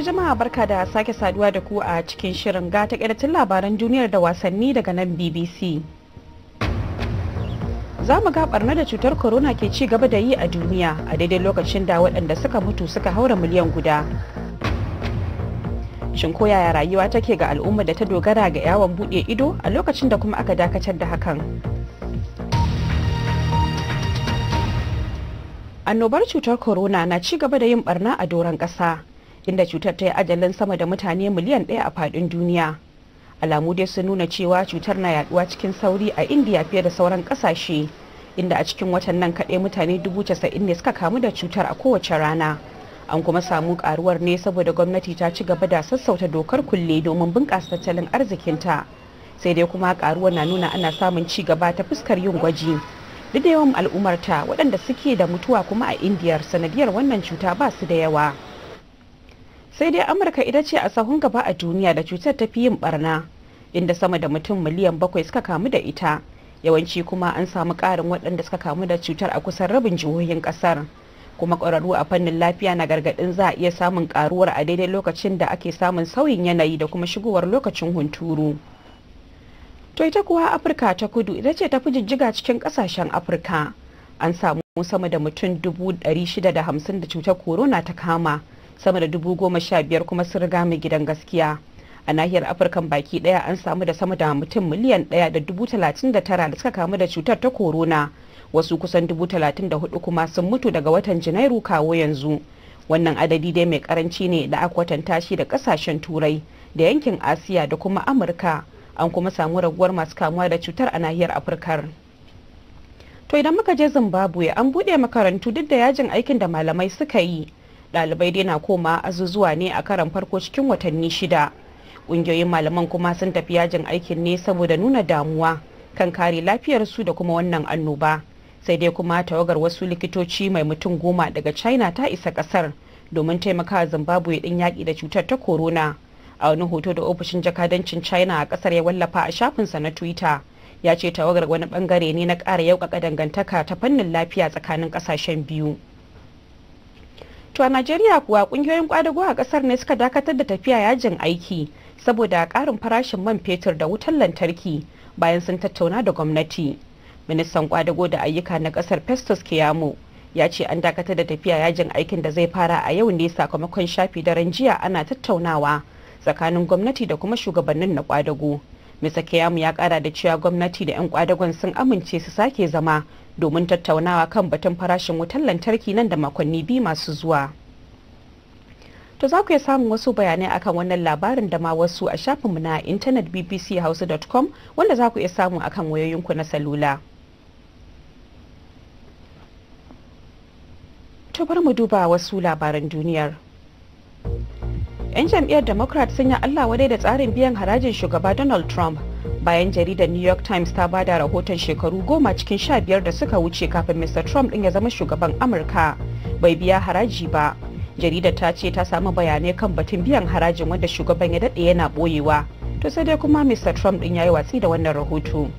To jama'a barka da sake saduwa da ku a cikin shirin ga takaitattun labaran duniyar da wasanni daga nan BBC. Za mu ga barna da cutar corona ke ci gaba da yi a duniya a daidai lokacin da waɗanda suka mutu suka haura miliyan guda. Shin ko yaya rayuwa take ga al'umma da ta dogara ga yawon buɗe ido a lokacin da kuma aka dakatar da hakan? Annobar cutar corona na ci gaba da yin barna a doron ƙasa. inda cutar ta yi ajalin sama da mutane miliyan ɗaya a faɗin duniya alamu dai sun nuna cewa cutar na yaduwa cikin sauri a indiya fiye da sauran ƙasashe inda a cikin watan nan kaɗai mutane dubu casa'in ne suka kamu da cutar a kowace rana an kuma samu karuwar ne saboda gwamnati ta ci gaba da sassauta dokar kulle domin bunƙasa tattalin arzikinta sai dai kuma karuwar na nuna ana samun ci gaba ta fuskar yin gwaji duk da yawan al'ummarta waɗanda suke da mutuwa kuma a indiyar sanadiyar wannan cuta ba su da yawa sai dai amurka ita ce a sahun gaba a duniya da cutar ta fi yin barna inda sama da mutum miliyan bakwai suka kamu da ita yawanci kuma an samu karin waɗanda suka kamu da cutar a kusan rabin jihohin ƙasar kuma ƙwararru a fannin lafiya na gargaɗin za a iya samun karuwar a daidai lokacin da ake samun sauyin yanayi da kuma shigowar lokacin hunturu to ita kuwa afirka ta kudu ita ce ta fi jijjiga cikin ƙasashen afirka an samu sama da mutum dubu da hamsin da cutar corona ta kama sama da dubu goma sha biyar kuma sun riga mai gidan gaskiya a nahiyar afirka baki daya an samu da sama da mutum miliyan daya da dubu talatin da tara da suka kamu da cutar ta korona wasu kusan dubu talatin da hudu kuma sun mutu daga watan janairu kawo yanzu wannan adadi dai mai karanci ne da aka kwatanta shi da kasashen turai da yankin asiya da kuma amurka an kuma samu raguwar masu kamuwa da cutar a nahiyar afirka to idan muka je zimbabwe an buɗe makarantu duk da yajin aikin da malamai suka yi dalibai dai na koma azuzuwa ne a karan farko cikin watanni shida ƙungiyoyin malaman kuma sun tafi yajin aikin ne saboda nuna damuwa kan kare lafiyarsu da kuma wannan annoba sai dai kuma tawagar wasu likitoci mai mutum goma daga china ta isa kasar domin taimakawa zimbabwe din yaƙi da cutar ta corona a wani hoto da ofishin jakadancin china a ƙasar ya wallafa a shafinsa na twitter ya ce tawagar wani bangare ne na ƙara yaukaka dangantaka ta fannin lafiya tsakanin ƙasashen biyu To a Najeriya kuwa kungiyoyin kwadago a kasar ne suka dakatar da tafiya yajin aiki saboda karin farashin man fetur da wutar lantarki bayan sun tattauna da gwamnati. Ministan kwadago da ayyuka na kasar Festus Kiyamo ya ce an dakatar da tafiya yajin aikin da zai fara a yau ne sakamakon shafi daren jiya ana tattaunawa tsakanin gwamnati da kuma shugabannin na kwadago Mr. Kayam ya kara da cewa gwamnati da 'yan kwadagon sun amince su sake zama domin tattaunawa kan batun farashin wutar lantarki nan da makonni biyu masu zuwa. To za ku iya samun wasu bayanai akan wannan labarin da ma wasu a shafinmu na intanet bbchausa.com wanda za ku iya samu akan wayoyinku na salula. To bari mu duba wasu labaran duniyar. 'yan jam'iyyar democrat sun yi allah wadai da tsarin biyan harajin shugaba donald trump bayan jaridar new york times ta bada rahoton shekaru goma cikin sha biyar da suka wuce kafin mr trump din ya zama shugaban amurka bai biya haraji ba jaridar ta ce ta samu bayanai kan batun biyan harajin wanda shugaban ya daɗe yana ɓoyewa to sai dai kuma mr trump din ya yi watsi da wannan rahoto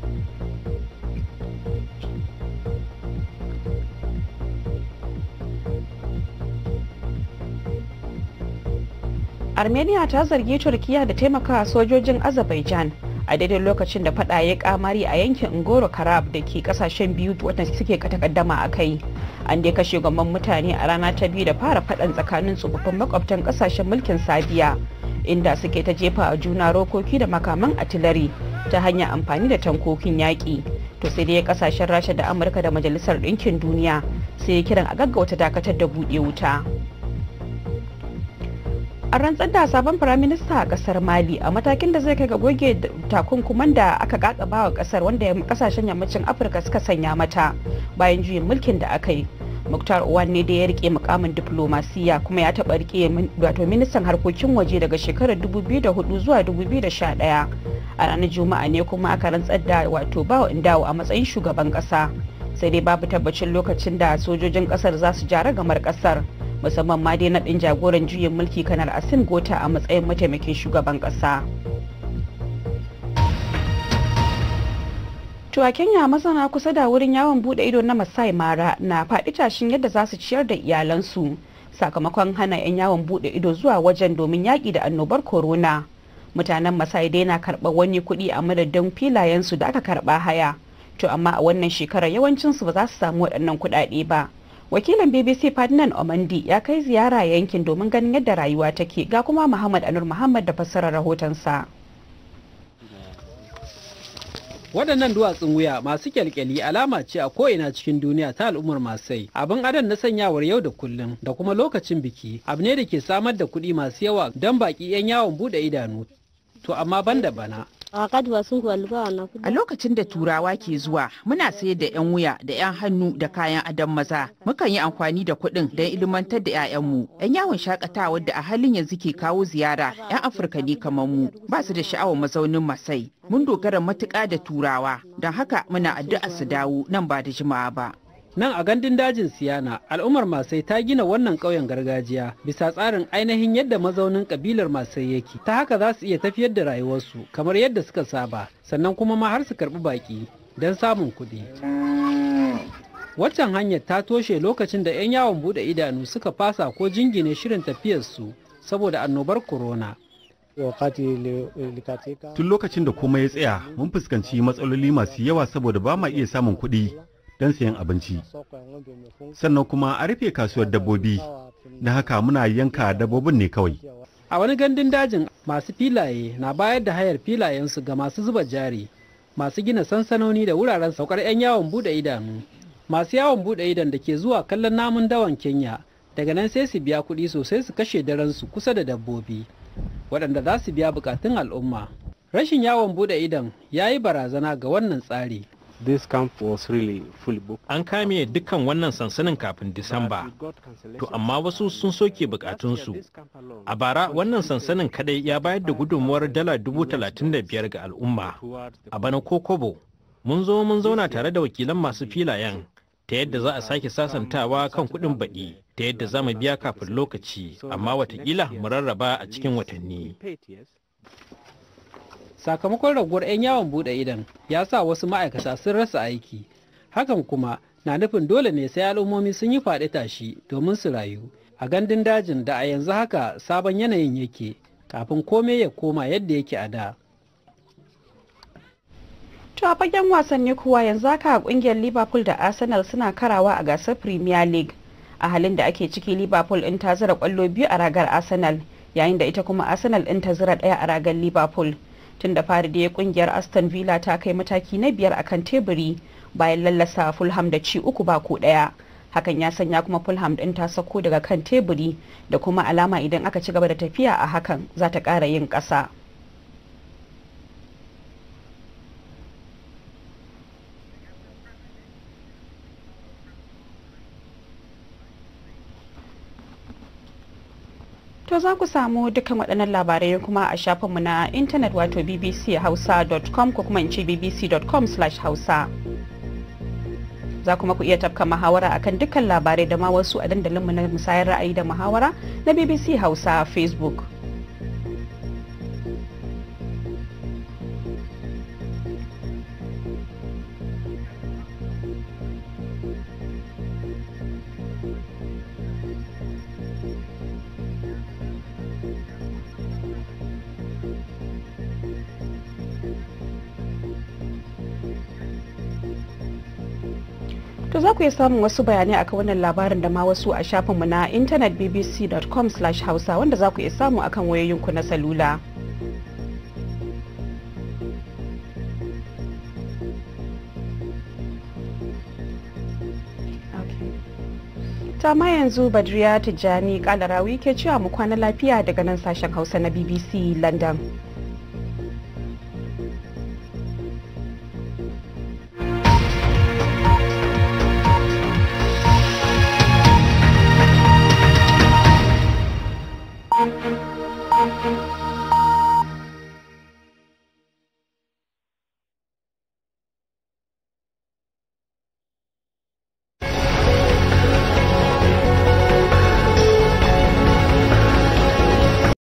armenia ta zargi turkiya da taimakawa sojojin azerbaijan a daidai lokacin da fada ya kamari a yankin ngoro karab da ke kasashen biyu wata suke takaddama a kai an dai kashe gwamman mutane a rana ta biyu da fara fadan tsakanin tsofaffin makwabtan kasashen mulkin sabiya inda suke ta jefa a juna rokoki da makaman atilari ta hanyar amfani da tankokin yaƙi to sai dai kasashen rasha da amurka da majalisar ɗinkin duniya sai kiran a gaggauta dakatar da buɗe wuta. a rantsar da sabon firaminista a kasar mali a matakin da zai kai ga goge takunkuman da aka kakaba wa kasar wanda ya kasashen yammacin afirka suka sanya mata bayan juyin mulkin da aka yi muktar uwan ne da ya rike mukamin diplomasiya kuma ya taba rike wato ministan harkokin waje daga shekarar 2004 zuwa 2011 a ranar juma'a ne kuma aka rantsar da wato bawa indawo a matsayin shugaban ƙasa sai dai babu tabbacin lokacin da sojojin kasar za su jara gamar kasar. musamman ma dai naɗin jagoran juyin mulki kanar asin gota a matsayin mataimakin shugaban ƙasa. To a Kenya masana kusa da wurin yawon bude ido na Masai Mara na faɗi tashin yadda za su ciyar da iyalansu sakamakon hana 'yan yawon bude ido zuwa wajen domin yaki da annobar corona. Mutanen Masai dai na karɓar wani kuɗi a madadin filayensu da aka karɓa haya. To amma a wannan shekarar yawancinsu ba za su samu waɗannan kuɗaɗe ba. wakilin bbc fadinan omandi ya kai ziyara yankin domin ganin yadda rayuwa take ga kuma muhammad anur muhammad da fassarar rahotonsa waɗannan duwatsun wuya masu kyalkyali alama ce a ko'ina cikin duniya ta al'ummar masai abin adon na sanyawar yau da kullum da kuma lokacin biki abu ne da ke samar da kuɗi masu yawa don baƙi 'yan yawon buɗe idanu to amma ban da bana A lokacin da turawa ke zuwa muna sayar da 'yan wuya da 'yan hannu da kayan adam maza. Mukan yi amfani da kuɗin don ilimantar da 'ya'yanmu. 'Yan yawon shakatawa da a halin yanzu ke kawo ziyara 'yan Afirka ne kamar mu ba su da sha'awar mazaunin Masai. Mun dogara matuƙa da turawa don haka muna addu'a su dawo nan ba da jimawa ba. Nan a gandun dajin Siyana, al'ummar Masai ta gina wannan ƙauyen gargajiya bisa tsarin ainihin yadda mazaunin ƙabilar Masai yake. Ta haka za su iya tafiyar da rayuwarsu kamar yadda suka saba, sannan kuma ma har su karɓi baƙi don samun kuɗi. Waccan hanyar ta toshe lokacin da 'yan yawon buɗe idanu suka fasa ko jingine shirin tafiyarsu saboda annobar corona. Tun lokacin da komai ya tsaya, mun fuskanci matsaloli masu yawa saboda ba ma iya samun kuɗi. don sayan abinci sannan kuma a rufe kasuwar dabbobi na haka muna yanka dabbobin ne kawai a wani gandun dajin masu filaye na bayar da hayar filayensu ga masu zuba jari masu gina sansanoni da wuraren saukar 'yan yawon bude idanu masu yawon bude idan da ke zuwa kallon namun dawan kenya daga nan sai su biya kuɗi sosai su kashe daransu kusa da dabbobi waɗanda za su biya bukatun al'umma rashin yawon bude idan ya yi barazana ga wannan tsari This camp was really fully booked. An kame dukkan wannan sansanin kafin Disamba, to amma wasu sun soke bukatunsu. A bara wannan sansanin kadai ya bayar da gudunmuwar dala dubu talatin da biyar ga al'umma. A bana ko kobo, mun zo mun zauna tare da wakilan masu filayen ta yadda za a sake sasantawa kan kuɗin baɗi ta yadda za mu biya kafin lokaci amma watakila mu rarraba a cikin watanni. sakamakon raguwar 'yan yawon bude idan ya sa wasu ma'aikata sun rasa aiki hakan kuma na nufin dole ne sai al'ummomi sun yi faɗi tashi domin su rayu a gandun dajin da a yanzu haka sabon yanayin yake kafin komai ya koma yadda yake a da to a fagen wasanni kuwa yanzu haka kungiyar liverpool da arsenal suna karawa a gasar premier league a halin da ake ciki liverpool in ta zira kwallo biyu a ragar arsenal yayin da ita kuma arsenal in ta zira daya a ragar liverpool tun da fari da kungiyar aston villa ta kai mataki na biyar a kan teburi bayan lallasa fulham da ci uku ba ko daya hakan ya sanya kuma fulham din ta sako daga kan teburi da kuma alama idan aka ci gaba da tafiya a hakan za ta kara yin kasa To za ku samu dukkan waɗannan labarai kuma a shafinmu na intanet wato bbc bbchausa.com ko kuma in ce bbc.com/hausa. Za kuma ku iya tafka muhawara akan dukkan labarai da ma wasu a dandalinmu na musayar ra'ayi da muhawara na BBC Hausa Facebook. To za ku iya samun wasu bayanai akan wannan labarin da ma wasu a shafinmu na intanet bbc.com/hausa wanda za ku iya samu akan wayoyinku na salula. tama yanzu badriya tijjani kalarawi ke cewa mu kwana lafiya daga nan sashen hausa na bbc london